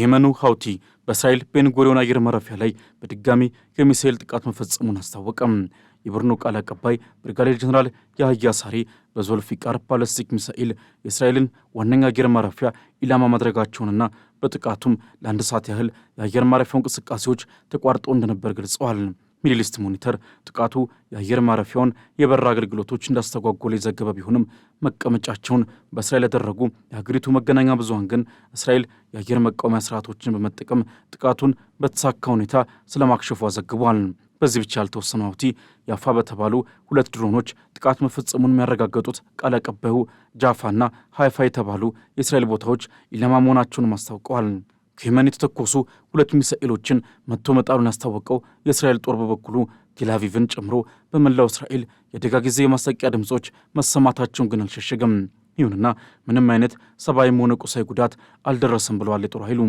የመኑ ሀውቲ በእስራኤል ቤንጎሪዮን አየር ማረፊያ ላይ በድጋሚ የሚሳኤል ጥቃት መፈጸሙን አስታወቀም። የቡድኑ ቃል አቀባይ ብርጋዴር ጀኔራል ያህያ ሳሪ በዞልፊቃር ባለስቲክ ሚሳኤል የእስራኤልን ዋነኛ አየር ማረፊያ ኢላማ ማድረጋቸውንና በጥቃቱም ለአንድ ሰዓት ያህል የአየር ማረፊያው እንቅስቃሴዎች ተቋርጦ እንደነበር ገልጸዋል። ሚድልስት ሞኒተር ጥቃቱ የአየር ማረፊያውን የበረራ አገልግሎቶች እንዳስተጓጎለ የዘገበ ቢሆንም መቀመጫቸውን በእስራኤል ያደረጉ የሀገሪቱ መገናኛ ብዙሀን ግን እስራኤል የአየር መቃወሚያ ስርዓቶችን በመጠቀም ጥቃቱን በተሳካ ሁኔታ ስለማክሸፏ ዘግቧል። በዚህ ብቻ ያልተወሰነ ሁቲ ያፋ በተባሉ ሁለት ድሮኖች ጥቃት መፈጸሙን የሚያረጋገጡት ቃል አቀባዩ ጃፋና ሀይፋ የተባሉ የእስራኤል ቦታዎች ኢላማ መሆናቸውን አስታውቀዋል። ከየመን የተተኮሱ ሁለት ሚሳኤሎችን መጥቶ መጣሉን ያስታወቀው የእስራኤል ጦር በበኩሉ ቴልአቪቭን ጨምሮ በመላው እስራኤል የአደጋ ጊዜ የማስጠንቀቂያ ድምፆች መሰማታቸውን ግን አልሸሸገም። ይሁንና ምንም አይነት ሰብአዊም ሆነ ቁሳዊ ጉዳት አልደረሰም ብለዋል የጦር ኃይሉ።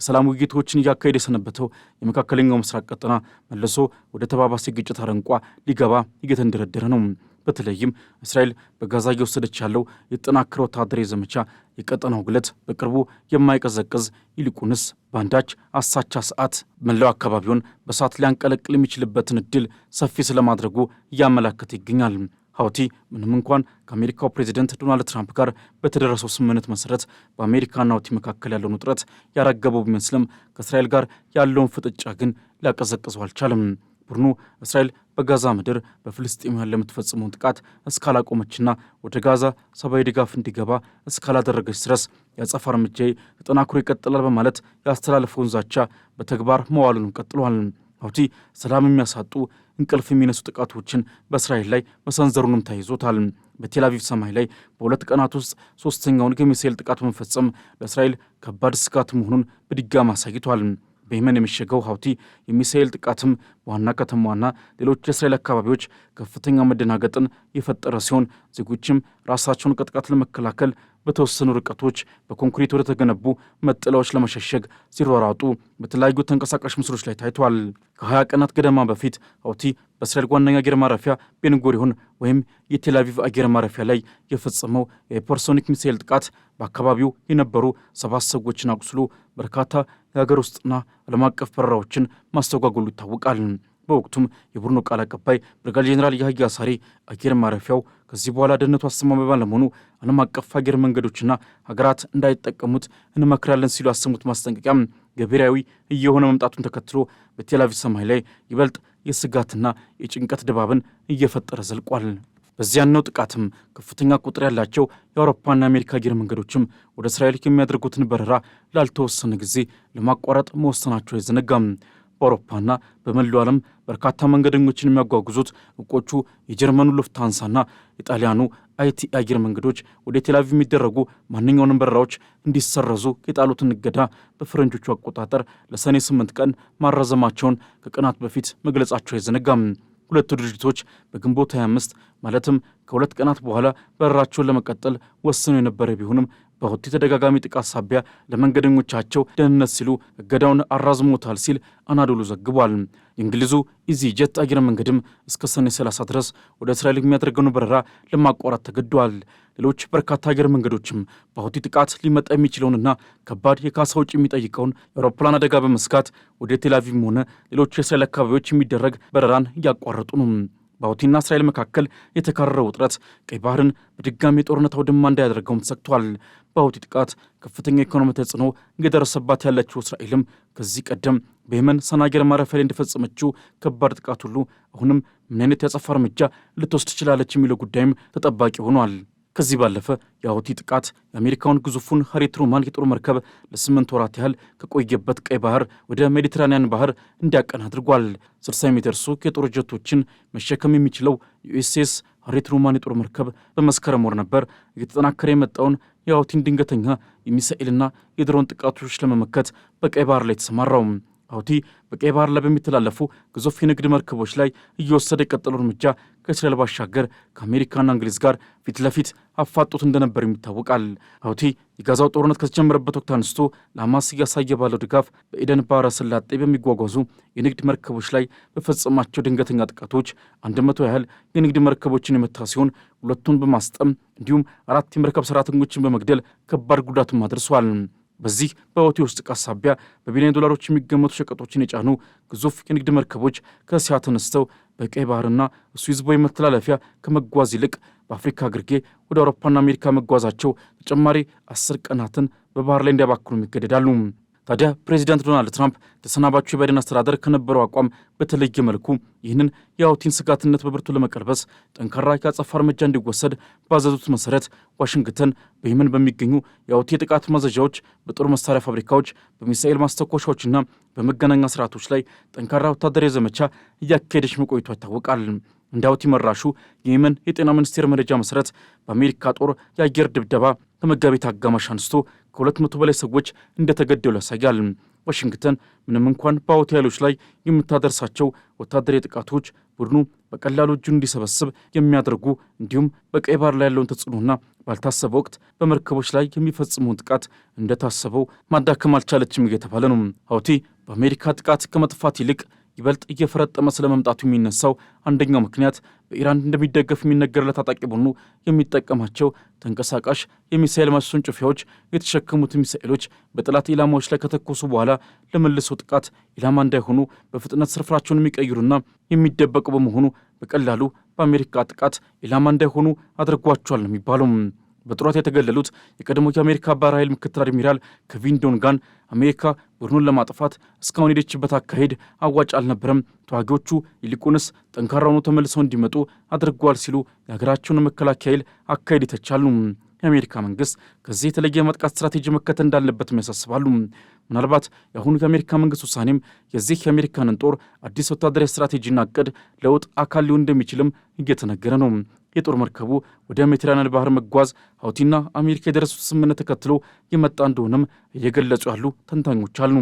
የሰላም ውይይቶችን እያካሄደ የሰነበተው የመካከለኛው ምስራቅ ቀጠና መልሶ ወደ ተባባሲ ግጭት አረንቋ ሊገባ እየተንደረደረ ነው። በተለይም እስራኤል በጋዛ እየወሰደች ያለው የጠናከረ ወታደራዊ ዘመቻ የቀጠናው ግለት በቅርቡ የማይቀዘቅዝ ይልቁንስ በአንዳች አሳቻ ሰዓት መላው አካባቢውን በሳት ሊያንቀለቅል የሚችልበትን እድል ሰፊ ስለማድረጉ እያመላከተ ይገኛል። ሀውቲ ምንም እንኳን ከአሜሪካው ፕሬዚደንት ዶናልድ ትራምፕ ጋር በተደረሰው ስምምነት መሰረት በአሜሪካና ሀውቲ መካከል ያለውን ውጥረት ያራገበው ቢመስልም ከእስራኤል ጋር ያለውን ፍጥጫ ግን ሊያቀዘቅዘው አልቻለም። ቡድኑ እስራኤል በጋዛ ምድር በፍልስጤማውያን ለምትፈጽመውን ጥቃት እስካላቆመችና ወደ ጋዛ ሰብአዊ ድጋፍ እንዲገባ እስካላደረገች ድረስ የአጸፋ እርምጃዬ ተጠናክሮ ይቀጥላል በማለት ያስተላለፈውን ዛቻ በተግባር መዋሉንም ቀጥሏል። ሀውቲ ሰላም የሚያሳጡ እንቅልፍ የሚነሱ ጥቃቶችን በእስራኤል ላይ መሰንዘሩንም ተያይዞታል። በቴል አቪቭ ሰማይ ላይ በሁለት ቀናት ውስጥ ሶስተኛውን የሚሳኤል ጥቃት መፈጸም ለእስራኤል ከባድ ስጋት መሆኑን በድጋም አሳይቷል። በየመን የሚሸገው ሀውቲ የሚሳኤል ጥቃትም በዋና ከተማዋና ሌሎች የእስራኤል አካባቢዎች ከፍተኛ መደናገጥን የፈጠረ ሲሆን ዜጎችም ራሳቸውን ከጥቃት ለመከላከል በተወሰኑ ርቀቶች በኮንክሪት ወደ ተገነቡ መጠለያዎች ለመሸሸግ ሲሯሯጡ በተለያዩ ተንቀሳቃሽ ምስሎች ላይ ታይቷል። ከሀያ ቀናት ገደማ በፊት ሀውቲ በእስራኤል ዋነኛ አየር ማረፊያ ቤንጎሪሆን ወይም የቴል አቪቭ አየር ማረፊያ ላይ የፈጸመው የሂፐርሶኒክ ሚሳኤል ጥቃት በአካባቢው የነበሩ ሰባት ሰዎችን አቁስሎ በርካታ የሀገር ውስጥና ዓለም አቀፍ በረራዎችን ማስተጓጎሉ ይታወቃል። በወቅቱም የቡድኑ ቃል አቀባይ ብርጋዴር ጄኔራል ያህያ ሳሪ አየር ማረፊያው ከዚህ በኋላ ደህንነቱ አስተማማኝ ባለመሆኑ ዓለም አቀፍ አየር መንገዶችና ሀገራት እንዳይጠቀሙት እንመክራለን ሲሉ ያሰሙት ማስጠንቀቂያ ገቢራዊ እየሆነ መምጣቱን ተከትሎ በቴልአቪቭ ሰማይ ላይ ይበልጥ የስጋትና የጭንቀት ድባብን እየፈጠረ ዘልቋል። በዚያነው ጥቃትም ከፍተኛ ቁጥር ያላቸው የአውሮፓና የአሜሪካ አየር መንገዶችም ወደ እስራኤል የሚያደርጉትን በረራ ላልተወሰነ ጊዜ ለማቋረጥ መወሰናቸው አይዘነጋም። በአውሮፓና በመላው ዓለም በርካታ መንገደኞችን የሚያጓጉዙት እውቆቹ የጀርመኑ ሉፍታንሳና የጣሊያኑ አይቲ አየር መንገዶች ወደ ቴላቪቭ የሚደረጉ ማንኛውንም በረራዎች እንዲሰረዙ የጣሉትን እገዳ በፈረንጆቹ አቆጣጠር ለሰኔ 8 ቀን ማራዘማቸውን ከቀናት በፊት መግለጻቸው አይዘነጋም። ሁለቱ ድርጅቶች በግንቦት 25 ማለትም ከሁለት ቀናት በኋላ በረራቸውን ለመቀጠል ወስነው የነበረ ቢሆንም በሁቲ ተደጋጋሚ ጥቃት ሳቢያ ለመንገደኞቻቸው ደህንነት ሲሉ እገዳውን አራዝሞታል ሲል አናዶሉ ዘግቧል። የእንግሊዙ ጀት አየር መንገድም እስከ ሰኔ 30 ድረስ ወደ እስራኤል የሚያደርገውን በረራ ለማቋረጥ ተገዷል። ሌሎች በርካታ አየር መንገዶችም በሁቲ ጥቃት ሊመጣ የሚችለውንና ከባድ የካሳ ውጭ የሚጠይቀውን የአውሮፕላን አደጋ በመስጋት ወደ ቴልአቪቭም ሆነ ሌሎች የእስራኤል አካባቢዎች የሚደረግ በረራን እያቋረጡ ነው። በሁቲና እስራኤል መካከል የተካረረው ውጥረት ቀይ ባህርን በድጋሚ የጦርነት አውድማ እንዳያደርገውም ተሰግቷል። በሁቲ ጥቃት ከፍተኛ ኢኮኖሚ ተጽዕኖ እየደረሰባት ያለችው እስራኤልም ከዚህ ቀደም በየመን ሰናገር አየር ማረፊያ ላይ እንደፈጸመችው ከባድ ጥቃት ሁሉ አሁንም ምን አይነት ያጸፋ እርምጃ ልትወስድ ትችላለች የሚለው ጉዳይም ተጠባቂ ሆኗል። ከዚህ ባለፈ የሁቲ ጥቃት የአሜሪካውን ግዙፉን ሀሬት ሮማን የጦር መርከብ ለስምንት ወራት ያህል ከቆየበት ቀይ ባህር ወደ ሜዲትራኒያን ባህር እንዲያቀን አድርጓል። ስልሳ የሚደርሱ የጦር ጀቶችን መሸከም የሚችለው ዩኤስኤስ ሀሬት ሮማን የጦር መርከብ በመስከረም ወር ነበር እየተጠናከረ የመጣውን የሁቲን ድንገተኛ የሚሳኤልና የድሮን ጥቃቶች ለመመከት በቀይ ባህር ላይ ተሰማራው። አውቲ በቀይ ባህር ላይ በሚተላለፉ ግዙፍ የንግድ መርከቦች ላይ እየወሰደ የቀጠለው እርምጃ ከእስራኤል ባሻገር ከአሜሪካና እንግሊዝ ጋር ፊት ለፊት አፋጦት እንደነበር ይታወቃል። አውቲ የጋዛው ጦርነት ከተጀመረበት ወቅት አንስቶ ለሐማስ እያሳየ ባለው ድጋፍ በኤደን ባህረ ስላጤ በሚጓጓዙ የንግድ መርከቦች ላይ በፈጸማቸው ድንገተኛ ጥቃቶች አንድ መቶ ያህል የንግድ መርከቦችን የመታ ሲሆን ሁለቱን በማስጠም እንዲሁም አራት የመርከብ ሰራተኞችን በመግደል ከባድ ጉዳትም አድርሷል። በዚህ በወቴ ውስጥ ጥቃት ሳቢያ በቢሊዮን ዶላሮች የሚገመቱ ሸቀጦችን የጫኑ ግዙፍ የንግድ መርከቦች ከእስያ ተነስተው በቀይ ባህርና ስዊዝ ቦይ መተላለፊያ ከመጓዝ ይልቅ በአፍሪካ ግርጌ ወደ አውሮፓና አሜሪካ መጓዛቸው ተጨማሪ አስር ቀናትን በባህር ላይ እንዲያባክኑ ይገደዳሉ። ታዲያ ፕሬዚዳንት ዶናልድ ትራምፕ ተሰናባቸው የባይደን አስተዳደር ከነበረው አቋም በተለየ መልኩ ይህንን የአውቲን ስጋትነት በብርቱ ለመቀልበስ ጠንካራ የአጸፋ እርምጃ እንዲወሰድ ባዘዙት መሰረት ዋሽንግተን በየመን በሚገኙ የአውቲ የጥቃት ማዘዣዎች፣ በጦር መሳሪያ ፋብሪካዎች፣ በሚሳኤል ማስተኮሻዎችና በመገናኛ ስርዓቶች ላይ ጠንካራ ወታደራዊ ዘመቻ እያካሄደች መቆይቷ ይታወቃል። እንደ አውቲ መራሹ የየመን የጤና ሚኒስቴር መረጃ መሰረት በአሜሪካ ጦር የአየር ድብደባ ከመጋቢት አጋማሽ አንስቶ ከሁለት መቶ በላይ ሰዎች እንደተገደሉ ያሳያል። ዋሽንግተን ምንም እንኳን በሆቴሎች ላይ የምታደርሳቸው ወታደራዊ ጥቃቶች ቡድኑ በቀላሉ እጁን እንዲሰበስብ የሚያደርጉ እንዲሁም በቀይ ባህር ላይ ያለውን ተጽዕኖና ባልታሰበ ወቅት በመርከቦች ላይ የሚፈጽመውን ጥቃት እንደታሰበው ማዳከም አልቻለችም እየተባለ ነው። ሀውቲ በአሜሪካ ጥቃት ከመጥፋት ይልቅ ይበልጥ እየፈረጠመ ስለመምጣቱ የሚነሳው አንደኛው ምክንያት በኢራን እንደሚደገፍ የሚነገርለት ታጣቂ ቡድኑ የሚጠቀማቸው ተንቀሳቃሽ የሚሳኤል ማስወንጨፊያዎች የተሸከሙት ሚሳኤሎች በጠላት ኢላማዎች ላይ ከተኮሱ በኋላ ለመልሶ ጥቃት ኢላማ እንዳይሆኑ በፍጥነት ስርፍራቸውን የሚቀይሩና የሚደበቁ በመሆኑ በቀላሉ በአሜሪካ ጥቃት ኢላማ እንዳይሆኑ አድርጓቸዋል ነው የሚባለው። በጥሯት የተገለሉት የቀድሞ የአሜሪካ ባህር ኃይል ምክትል አድሚራል ከቪን ዶንጋን አሜሪካ ቡድኑን ለማጥፋት እስካሁን ሄደችበት አካሄድ አዋጭ አልነበረም፣ ተዋጊዎቹ ይልቁንስ ጠንካራ ተመልሰው እንዲመጡ አድርጓል ሲሉ የሀገራቸውን መከላከያ ኃይል አካሄድ ይተቻሉ። የአሜሪካ መንግስት ከዚህ የተለየ ማጥቃት ስትራቴጂ መከተል እንዳለበትም ያሳስባሉ። ምናልባት የአሁኑ የአሜሪካ መንግስት ውሳኔም የዚህ የአሜሪካንን ጦር አዲስ ወታደራዊ ስትራቴጂና እቅድ ለውጥ አካል ሊሆን እንደሚችልም እየተነገረ ነው። የጦር መርከቡ ወደ ሜዲትራንያን ባህር መጓዝ ሀውቲና አሜሪካ የደረሱት ስምምነት ተከትሎ የመጣ እንደሆነም እየገለጹ ያሉ ተንታኞች አሉ።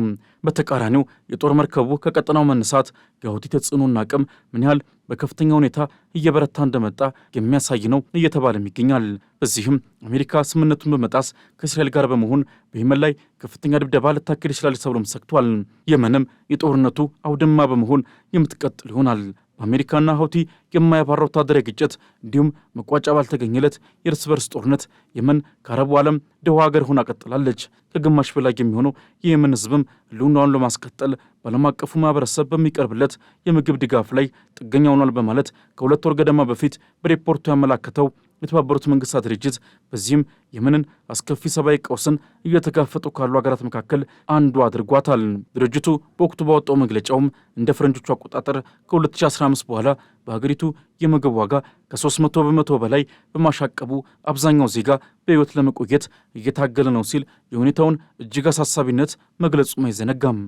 በተቃራኒው የጦር መርከቡ ከቀጠናው መነሳት የሀውቲ ተጽዕኖና አቅም ምን ያህል በከፍተኛ ሁኔታ እየበረታ እንደመጣ የሚያሳይ ነው እየተባለም ይገኛል። በዚህም አሜሪካ ስምምነቱን በመጣስ ከእስራኤል ጋር በመሆን በየመን ላይ ከፍተኛ ድብደባ ልታካሄድ ይችላል ተብሎም ሰግቷል። የመንም የጦርነቱ አውድማ በመሆን የምትቀጥል ይሆናል። በአሜሪካና ሀውቲ የማያባራ ወታደራዊ ግጭት እንዲሁም መቋጫ ባልተገኘለት የእርስ በርስ ጦርነት የመን ከአረቡ ዓለም ደሃ ሀገር ሆና ቀጥላለች። ከግማሽ በላይ የሚሆነው የየመን ህዝብም ሕልውናውን ለማስቀጠል በዓለም አቀፉ ማህበረሰብ በሚቀርብለት የምግብ ድጋፍ ላይ ጥገኛ ሆኗል በማለት ከሁለት ወር ገደማ በፊት በሪፖርቱ ያመላከተው የተባበሩት መንግስታት ድርጅት በዚህም የመንን አስከፊ ሰብአዊ ቀውስን እየተጋፈጡ ካሉ ሀገራት መካከል አንዱ አድርጓታል። ድርጅቱ በወቅቱ ባወጣው መግለጫውም እንደ ፈረንጆቹ አቆጣጠር ከ2015 በኋላ በሀገሪቱ የምግብ ዋጋ ከ300 በመቶ በላይ በማሻቀቡ አብዛኛው ዜጋ በሕይወት ለመቆየት እየታገለ ነው ሲል የሁኔታውን እጅግ አሳሳቢነት መግለጹም አይዘነጋም።